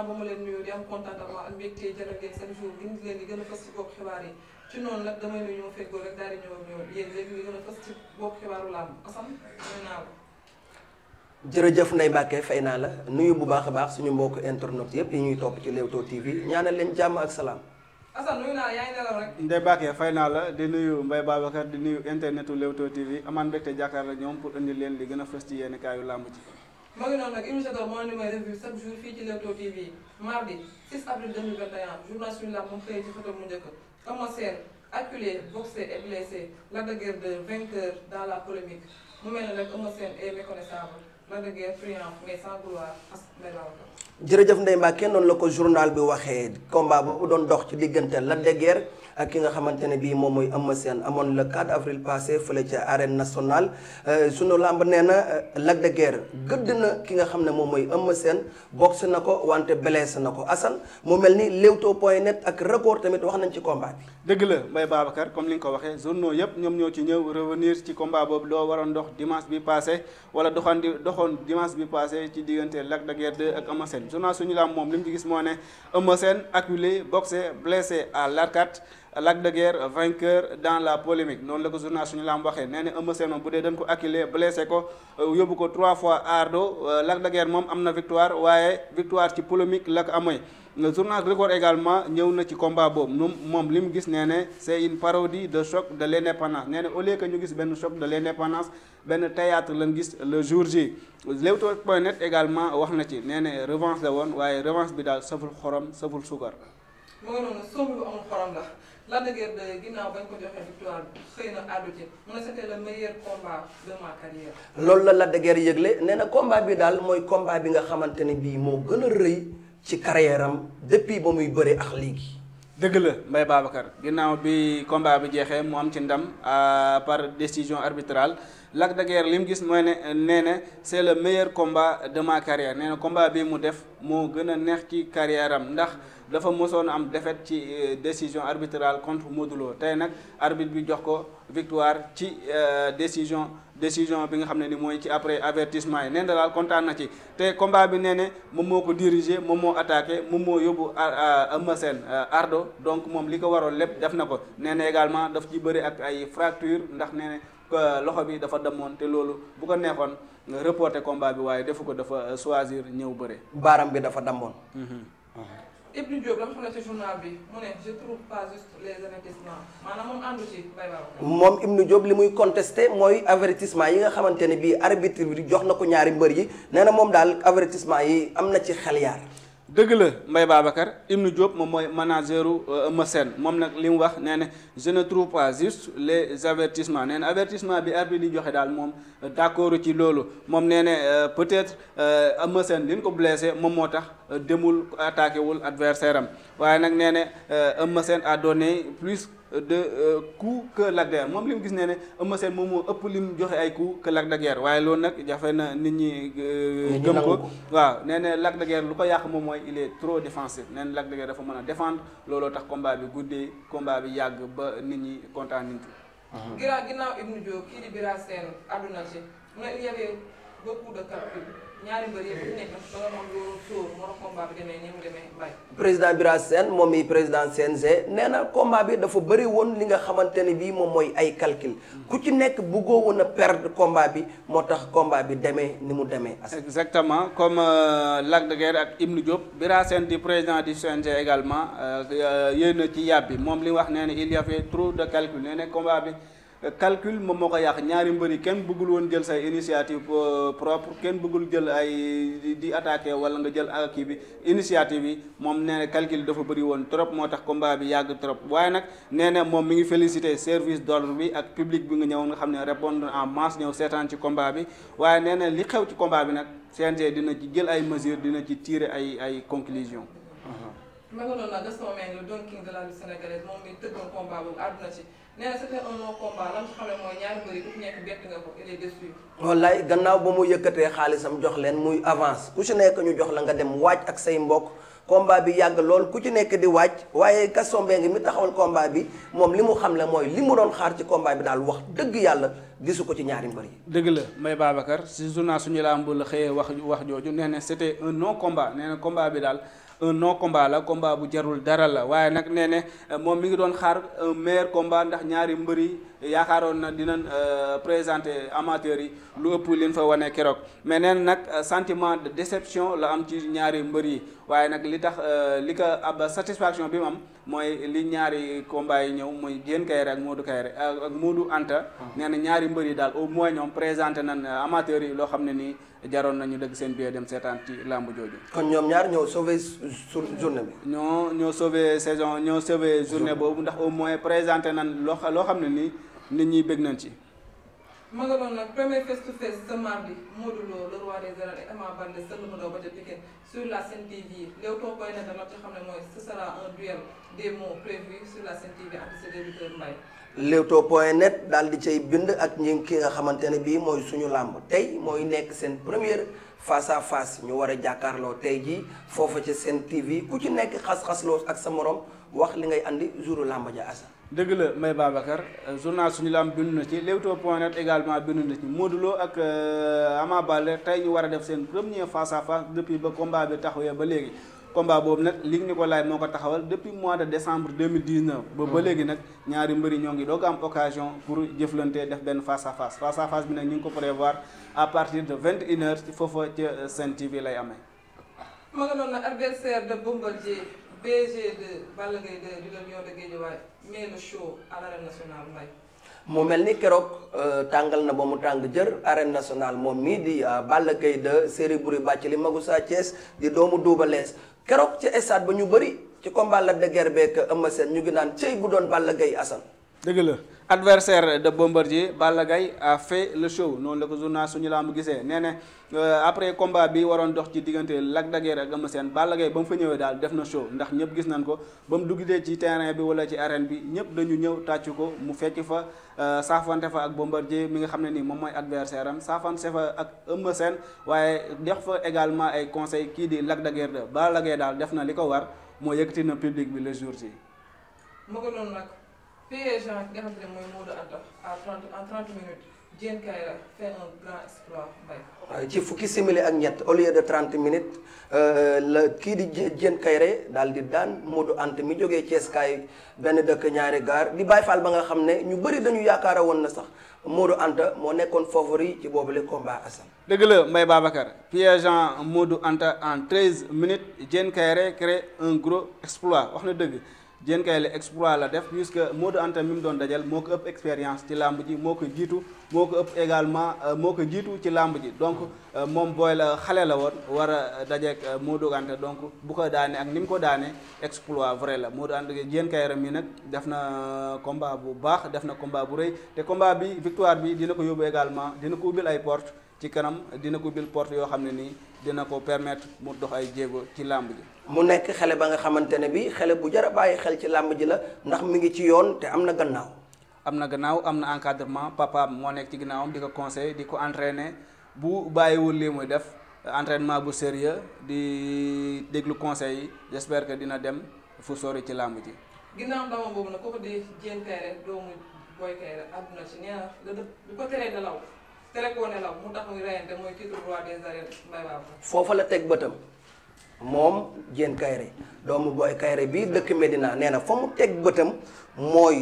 ginnaaw leen nuyoo di am contentement ak mbégte jërë a fës ci nag damay nuyu ñoo feggoo rek daal la. jërëjëf Ndeye Mbacke fay naa la nuyu bu baax a baax suñu mbokk internet yëpp yi ñuy topp ci Leewtoo TV ñaanal leen jàmm ak salaam. Assane nuyu naa la nelaw rek. Ndeye Mbacke fay naa la di nuyu Mbaye Babacar di nuyu internetu Leewtoo TV amaan mbégte jàkkaar la ñoom pour indi leen li gën a fës ci yenn kaayu làmb ci moo ngi noonu nag émission bi moo leen di may revue chaque jour fii ci Leewtoo TV mardi 6 avril 2021 journal suñu làmb moom xëy ci photo mu njëkk Eumeu Sène acculé boxé et blessé Lac de Guiers 2 vainqueur dans la polémique mu mel ne nag Eumeu Sène est méconnaissable Lac de Guiers triomphant mais sans gloire as mel jërëjëf Ndeye kenn noonu la ko journal bi waxee combat boobu doon dox ci diggante Lac de Guiers ak ki nga xamante ne bii moom mooy Eumeu seen amoon le 4 avril passé fële ca arène national euh, sunu lamb nee na euh, Lac de Guiers gëdd na ki nga xam ne moom mooy Eumeu Sène boxe na ko wante blessé na ko assan mu mel ni Leewtoo point net ak record tamit wax nañ ci combat bi. dëgg la Mbaye Babacar comme ni nga ko waxee journaux yëpp ñoom ñoo ci ñëw revenir ci combat boobu doo waroon dox dimanche bi passé wala doxandi doxoon dimanche bi passé ci diggante Lac de Guiers 2 ak journal suñu lam moom li mu ci gis moo ne Eumeu Sène acculé boxé blessé à l'arcade Lac de Guiers vainqueur dans la polémique noonu la ko journal suñu laam waxee nee na Eumeu Sène moom bu dee dañ ko acculé blessé ko euh, yóbbu ko trois fois ardo euh, Lac de Guiers moom am na victoire waaye victoire ci polémique la ko amee journal record également ñëw na ci combat boobu nu moom li mu gis nee ne c'est une parodie de choc de l'indépendance nee na au ñu gis benn choc de l'indépendance benn théâtre lañ gis le jour J Leewtoo point net également wax na ci nee ne woon waaye revanche bi daal saful xorom saful suukar moo noonu soobu lu Lac de Guiers ginnaaw bañ ko joxee victoire xëy na àddu ci mu ne meilleur combat de ma carrière. loolu la Lac de Guiers yëgle nee na combat bi daal mooy combat bi nga xamante ne bii moo gën a rëy ci carrière am depuis ba muy bëre ak léegi. dëgg la Mbaye Babacar ginnaaw bi combat bi jeexee mu am ci ndam par décision arbitrale Lac de Guiers li mu gis mooy ne nee na c'est le meilleur combat de ma carrière nee combat bi mu def moo gën a neex ci carrière ndax. dafa mosoon am défaite ci euh, décision arbitrale contre Modou Lo tey nag arbitre bi jox ko victoire ci euh, décision décision bi nga xam ne ni mooy ci après avertissement yi nee na daal kontaan na ci te combat bi nee ne moom moo ko diriger moom moo attaqué moom moo yóbbu Eumeu Sène euh, ardo donc moom li ko waroon lépp def na ko nee na également daf ci bëri ak ay fracture ndax nee na loxo bi dafa demoon te loolu bu ko neexoon reporter combat bi waaye defu ko dafa choisir ñëw bëre. baaram bi dafa demoon. Mhm. Mhm. Ibou Diop dama xam ne ci moom àndu ci li muy contesté mooy avertissement yi nga xamante ne bii arbitre bi jox na ko ñaari mbër yi nee na moom daal avertissement yi am na ci xel dëgg la Mbaye Babacar Ibn Diop moom mooy manageru euh, Eumeu Sène moom nag li mu wax nee na je ne trouve pas juste les avertissements nee na avertissement bi arbitre di joxe daal moom euh, d'accord ci loolu moom nee na euh, peut-être Eumeu seen li ñu ko blessé moom moo tax demul attaqué wul adversaire am waaye nag nee na Eumeu Sène a donné plus. de euh, coup que Lac moom li mu gis ne ne Eumeu Sène moom moo ëpp lim joxe ay coup que Lac de Guiers waaye loolu nag jafe na nit ñi euh, gëm ko waaw nee na Lac de lu ko yàq moom mooy il est trop défensif nee na dafa mën a défendre looloo tax combat bi guddee combat bi yàgg ba nit ñi kontaan nit ñi uh-huh. ginnaaw Ibnu Diop kii di Bira Sène àdduna ci mu ne il y avait beaucoup de calcul ñaari mbër président Bira Sène moom mi président CNG nee na combat bi dafa bëri woon li nga xamante ne bii moom mooy ay calcul ku ci nekk bëggoo woon a perdre bi moo tax combat bi demee ni mu demee. exactement comme euh, Lac de Guiers ak Ibnou Diop Bira Sène di président du CNG également euh, euh, yéen a ci yàbbi moom li wax nee na il y avait trop de calcul nee na combat bi. calcul moom moo ko yàq ñaari mbëri kenn bëggul woon jël say initiative euh, propre kenn bëggul jël ay di attaqué wala nga jël kii bi initiative yi moom nee na calcul dafa bëri woon trop moo tax combat bi yàgg trop waaye nag nee na moom mi ngi félicité service d'ordre bi ak public bi nga ñëw nga xam ne répondre en masse ñëw seetaan ci combat bi waaye nee na li xew ci combat bi nag CNG dina ci jël ay mesures dina ci tirer ay ay conclusions. ma nga doon nee na c'était un long combat wallaay gannaaw ba mu yëkkatee xaalisam jox leen muy avance ku ci nekk ñu jox la nga dem waaj ak say mbokk. komba bi yàgg lool ku ci nekk di wàcc waaye Gaston Mbengue mi taxawal combat bi moom li mu xam la mooy li mu doon xaar ci combat bi daal wax dëgg yàlla gisu ko ci ñaari mbër yi. dëgg la Mbaye Babacar si journal suñu làmb la xëyee wax wax jooju nee ne c'était un non combat nee na combat bi daal. un non combat bu jarul dara la waaye nag nee ne moom mi ngi doon xaar un meilleur ndax ñaari mbër yi yaakaaroon na dinañ euh, présenter amateurs yi lu ëpp liñ fa wane keroog mais neen nag euh, sentiment de déception la am ci ñaari mbër yi waaye nag li tax euh, li ko ab satisfaction bi mu am mooy li ñaari combat yi ñëw muy Diène Kaïré ak du Kaïré ak Modou Anta. nee ñaari mbër yi daal au moins ñoom présenté nañ amateurs yi loo xam ne nii jaroon nañu dëgg seen biir dem seetaan ci làmb jooju. kon ñoom ñaar ñoo sauvé journée bi. ñoo ñoo sauvé saison ñoo sauvé journée boobu ndax au moins présenté nañ loo loo xam ne nii. nit ñi bëgg nañ ci. ma nga doon nag premier face to face ce mardi Modou Lo le roi des arènes et Ama Baldé daal di cay bind ak ñi ki nga xamante ne bii mooy suñu làmb tey mooy nekk seen première face à face ñu war a jàkkaarloo tey jii foofa ca Sen TV ku ci nekk xas-xasloo ak sa morom wax li ngay andi jouru làmb ja asa dëgg la Mbaye Babacar euh, journal suñu lamb bind na ci Leewtoo point net également bind na ci Modou ak euh, Ama Baldé tey ñu war a def seen premier face à face depuis ba combat bi taxawee ba léegi combat boobu nag Luc Nicolaï moo ko taxawal depuis mois de décembre 2019 ba ba léegi nag ñaari mbëri ñoo ngi doog am occasion pour jëflante def benn face a face face à bi nag ñu ngi ko prévoir à partir de vingt et une heures foofa ca Sen TV lay amee. ma BG de Balla Gaye de di leen yow de Guédiawaye mais le show à nationale mbay. mel ni keroog euh, tàngal na ba mu tàng jër arène nationale moom mii di euh, Balla Gaye de série buri bàcc li magu saa Thiès di doomu Double keroog ci stade ba ñu bëri ci combat la de guerre beeg Eumeu Sène ñu ngi naan cëy bu doon Balla Gaye Assane. dëgg la. adversaire de Bombardier Balla Gaye a fait le show noonu la ko journal suñu lamb gisee nee ne euh, après combat bi waroon dox ci diggante Lac de Guiers ak Eumeu Sène Balla Gaye ba mu fa ñëwee daal def na show ndax ñëpp gis nañ ko ba mu duggee ci terrain bi wala ci arène bi ñëpp dañu ñëw tàccu ko mu fecc fa euh, saafante fa ak Bombardier mi nga xam ne nii moom mooy adversaire am saafante fa ak Eumeu Sène waaye jox fa également ay conseil kii di Lac de Guiers de Balla daal def na li ko war moo yëkkati na public bi le jour ci P.E. Jean mooy Modou Anta en 30 minutes euh, fukki simili ak ñett au lieu de 30 minutes euh, la kii di Diène Kaïra daal di daan Modou Anta mi jógee Thiès benn dëkk ñaari gaar di Baye Fall ba nga xam ne ñu bëri dañu yaakaara woon na sax Modou Anta moo nekkoon favori ci boobule combat Assane. dëgg la Mbaye Babacar P.E. Jean Modou Anta en 13 minutes Diène Kaïra crée un gros exploit wax na dëgg. Diène Kaïré exploit la def puisque Modou Anta mi mu doon dajal moo ko ëpp expérience ci làmb ji moo ko jiitu moo ko ëpp également euh, moo ko jiitu ci làmb ji donc euh, moom booy la xale la woon war a dajeek euh, Modou Anta donc bu ko daanee ak ni mu ko daanee exploit vrai la Modou Anta Diène Kaïré mi nag def na combat bu baax def na komba bu rëy te combat bi victoire bi dina ko yóbbu également dina ko ubbil ay porte ci kanam dina ko bil porte yoo xam ne nii dina ko permettre mu dox ay jéego ci làmb ji mu nekk xale ba nga xamante ne bi xele bu jar a bàyyi xel ci làmb ji la ndax mi ngi ci yoon te am na gannaaw am na gannaaw am na encadrement papaam moo nekk ci gannaawam di ko conseil di ko entraîner bu bàyyiwul lii muy def entraînement bu sérieux di déglu conseil yi dina dem fu sori ci làmb ji ginnaaw ndawam ko teree nelaw tere koo mooy titre foofa la teg bëtam moom Diène Kaïré doomu booy Kaïré bii dëkk Medina nee na fa mu teg bëtam mooy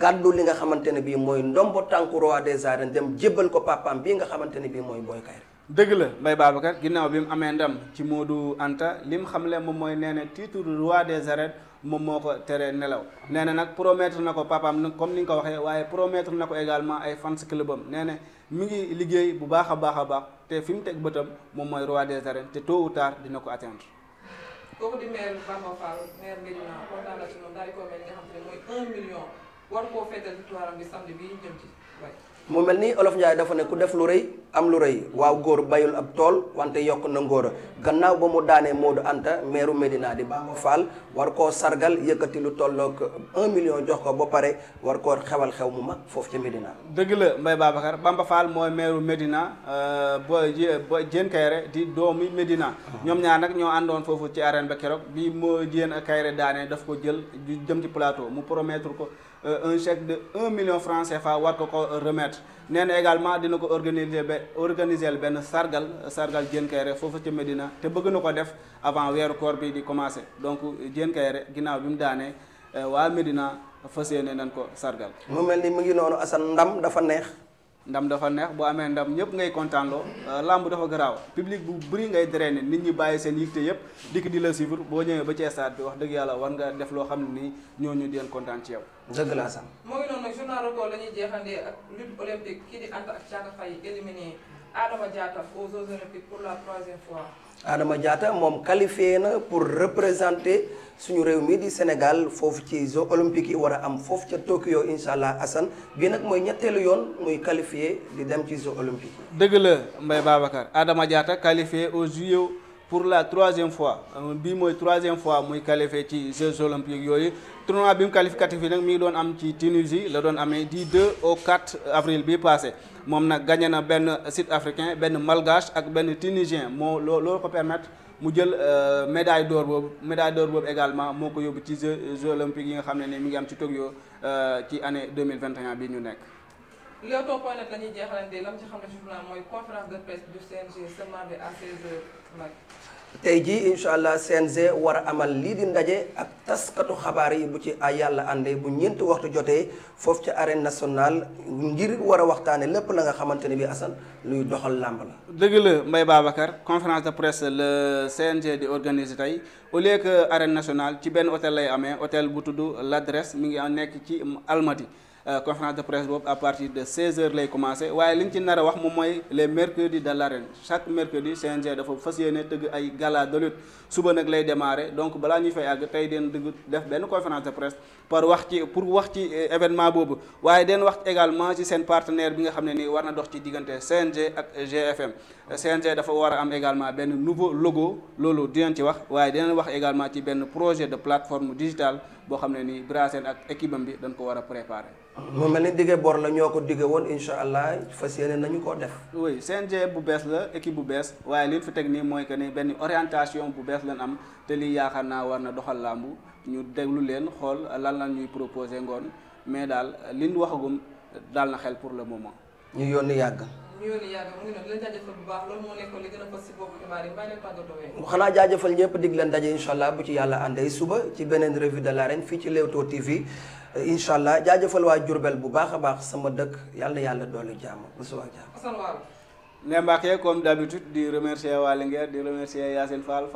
gàddu li nga xamante ne bii mooy ndombo tànku roi des arènes dem jébbal ko papaam bii nga xamante ne bii mooy booy Kaïré dëgg la Mbaye Babacar ginnaaw bi mu amee ndam ci Modou Anta li mu xamle moom mooy nee na titre roi des arènes moom moo ko tere nelaw nee na nag promettre na ko papam nag comme ni nga ko waxee waaye promettre na ko également ay fans clubam nee na mu ngi liggéey bu baax a baax a baax te fi mu teg bëtam moom mooy roi des arènes te tôt ou tard dina ko atteindre. kooku di maire Bamba Fall maire Médina kontaan na ci moom daal di ko mel li xam ne mooy 1 million mu mel ni olof Njaay dafa ne ku def lu rey am lu rey waaw góor bayul ab tool wante yokk na ngóor gannaaw ba mu daanee Modou Anta meeru Medina di baa Fall war koo sargal yëkkati lu tollook un million jox ko ba pare war koo xewal xew mu mag foofu ca Medina. dëgg la Mbaye Babacar Bamba Fall mooy meeru Medina euh, bo bo Diène Kaïré di doomi Medina. ñoom ñaar nag ñoo àndoon foofu ci arène ba keroog bi moo Diène Kaïré daanee daf ko jël jëm ci plateau mu promettre ko. Euh, un chèque de un million franc CFA war ko ko remettre nee également dina ko organiser ba organiser benn sargal sargal Diène Kairé foofu ci Medina te bëgg na ko def avant weeru koor bii di commencer donc Diène Kairé ginnaaw bi mu daanee euh, waa Medina fas yéene nañ ko sargal. mu mel ni mu ngi noonu Assane ndam dafa neex. ndam dafa neex bu amee ndam ñëpp ngay kontaanloo euh, làmb dafa garaaw public bu bëri ngay drainer nit ñi bàyyi seen yitte yëpp dikk di la suivre boo ñëwee ba ci bi wax dëgg yàlla war nga def loo xam ne nii ñooñu di leen kontaan ci yow. dëgg laa sax. moo ngi noonu nag journal record la ñuy jeexandee ak lutte olympique kii di Anta ak Thiaka Faye éliminé Adama Diatta aux Jeux olympiques pour la troisième fois. Adama Diatta moom qualifié na pour représenter suñu réew mi di Sénégal foofu ci jeux olympiques yi war a am foofu ca Tokyo incha allah Assane bii nag mooy ñetteelu yoon muy qualifié di dem ci jeux olympiques yi. dëgg la Mbaye Babacar Adama Diatta qualifié aux JO. pour la troisième fois euh, bii mooy troisième fois muy qualifié ci Jeux olympiques yooyu tournoi bi mu qualificatif yi nag mi ngi doon am ci Tunisie la doon amee di 2 au 4 avril bi passé moom nag gagné na benn sud africain benn malgache ak benn tunisien moo loo loolu ko permettre mu jël euh, médaille d'or boobu médaille d'or boobu également moo ko yóbbu ci Jeux olympiques yi nga xam ne ni mi ngi am ci Tokyo euh, ci année 2021 bi ñu nekk. Leewtoo point net la ñuy mooy conférence de presse du tey jii incha allah CNG war a amal lii di ndaje ak taskatu xabaar yi bu ci a yàlla àndee bu ñeenti waxtu jotee foofu ci arène nationale ngir war a waxtaane lépp la nga xamante ne bi Assane luy doxal làmb la. dëgg la Mbaye Babacar conférence de presse le CNG di organiser tey au lieu que arène nationale ci benn hôtel lay amee hôtel bu tudd l'adresse mi ngi nekk ci Almadi. Euh, conférence de presse boobu à partir de 16h lay commencé waaye li ñu ci nar a wax moom mooy le mercredis de l'arène chaque mercredi CNG dafa fas yéene tëgg ay gala de lutte suba nag lay démarré donc balaa ñuy fay àgg tey den dëgg def benn conférence de presse par wax ci pour wax ci euh, événement boobu waaye den wax également ci seen partenaire bi nga xam ne ni war na dox ci diggante CNG ak GFM euh, CNG dafa war a am également benn nouveau logo loolu dinañ ci wax waaye dinañ wax également ci benn projet de plateforme digitale boo xam ne nii Brassène ak équipe bi dañ ko war a préparer. moo mel ni dige bor la ñoo ko dige woon incha allah fa yéene nañu koo def. oui CNG bu bees la équipe bu bees waaye li fi teg nii mooy que ni benn orientation bu bees lan am te lii yaakaar naa war na doxal làmb ñu déglu leen xool lan lan ñuy proposer ngoon mais daal li ñu waxagum daal na xel pour le moment. ñu yónni yàgg. ñu yónni yàgg mu ngi noonu di la bu baax loolu moo nekkoon li gën a fës ñëpp dig leen daje incha allah bu ci yàlla àndee suba ci beneen revue de l'arène fii ci Leewtoo TV incha allah jaajëfal waa Jurbel bu baax a baax sama dëkk yàlla yàlla dolli jàmm bu suba jàmm les Mbacké comme d'habitude di remercier waa Linguère di remercier Yacine Fall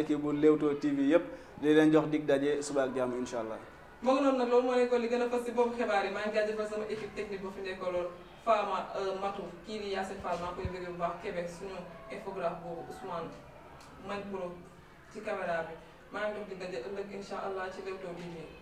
yëpp di leen jox dig daje suba ak jàmm boobu xibaar yi maa ngi sama équipe technique bu fi nekkoon loolu Fama euh, Matou kii di Yacine Fall maa koy bëgg bu baax Québec suñu infographe boobu Ousmane man Pro ci caméra bi maa ngi dox diggante ëllëg incha allah ci Leewtoo bi